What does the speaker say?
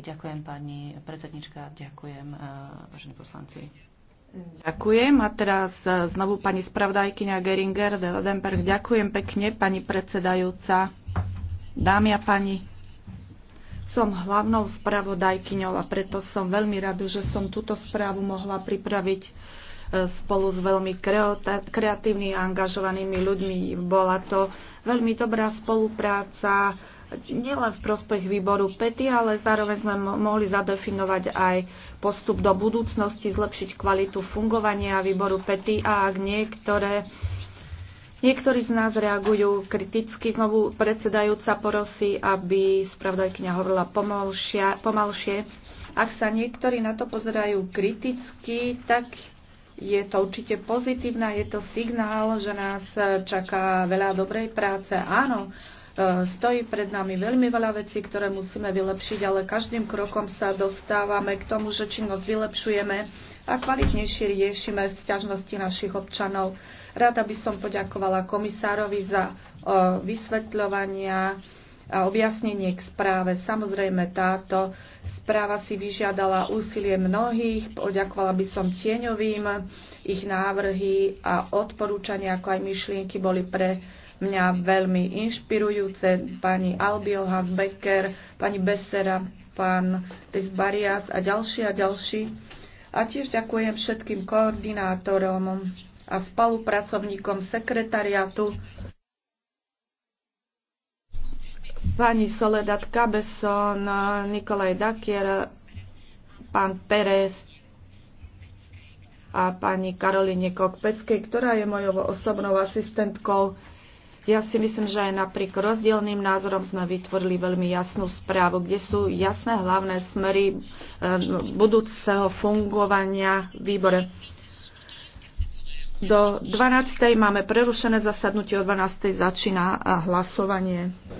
Ďakujem pani predsednička, ďakujem e, vážení poslanci. Ďakujem. A teraz e, znovu pani spravdajkyňa Geringer de Ledenberg. Ďakujem pekne, pani predsedajúca. Dámy a pani, som hlavnou spravodajkyňou a preto som veľmi rada, že som túto správu mohla pripraviť e, spolu s veľmi kreatívnymi a angažovanými ľuďmi. Bola to veľmi dobrá spolupráca nielen v prospech výboru PETI, ale zároveň sme mohli zadefinovať aj postup do budúcnosti, zlepšiť kvalitu fungovania výboru PETI a ak niektoré Niektorí z nás reagujú kriticky. Znovu predsedajúca porosí, aby spravodajkyňa hovorila pomalšie. Ak sa niektorí na to pozerajú kriticky, tak je to určite pozitívne, je to signál, že nás čaká veľa dobrej práce. Áno, E, stojí pred nami veľmi veľa vecí, ktoré musíme vylepšiť, ale každým krokom sa dostávame k tomu, že činnosť vylepšujeme a kvalitnejšie riešime sťažnosti našich občanov. Rada by som poďakovala komisárovi za e, vysvetľovania a objasnenie k správe. Samozrejme, táto správa si vyžiadala úsilie mnohých. Poďakovala by som tieňovým. Ich návrhy a odporúčania, ako aj myšlienky, boli pre mňa veľmi inšpirujúce. Pani Albiel Becker, pani Besera, pán Tisbarias a ďalší a ďalší. A tiež ďakujem všetkým koordinátorom a spolupracovníkom sekretariatu pani Soledad Cabeson, Nikolaj Dakier, pán Pérez a pani Karoline Kokpeckej, ktorá je mojou osobnou asistentkou. Ja si myslím, že aj napriek rozdielným názorom sme vytvorili veľmi jasnú správu, kde sú jasné hlavné smery eh, budúceho fungovania výbore. Do 12. máme prerušené zasadnutie, o 12. začína hlasovanie.